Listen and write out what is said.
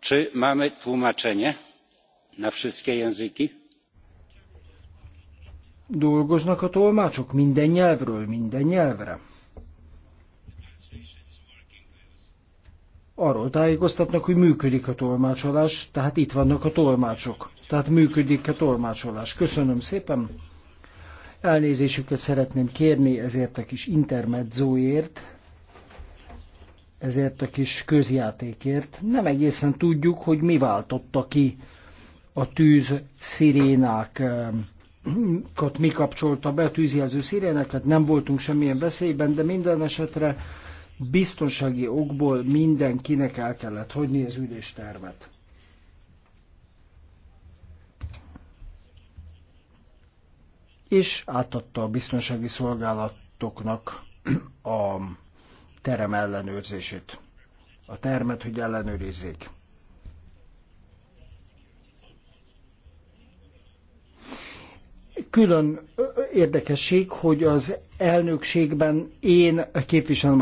czy mamy tłumaczenie na wszystkie języki? Dolgoznak a tolmácsok minden nyelvről, minden nyelvre. Arról tájékoztatnak, hogy működik a tolmácsolás, tehát itt vannak a tolmácsok. Tehát működik a tolmácsolás. Köszönöm szépen. Elnézésüket szeretném kérni ezért a kis intermedzóért ezért a kis közjátékért. Nem egészen tudjuk, hogy mi váltotta ki a tűz szirénákat, ehm, mi kapcsolta be a tűzjelző szirénákat, nem voltunk semmilyen veszélyben, de minden esetre biztonsági okból mindenkinek el kellett hagyni az üléstermet. És átadta a biztonsági szolgálatoknak a terem ellenőrzését. A termet, hogy ellenőrizzék. Külön érdekesség, hogy az elnökségben én képviselem a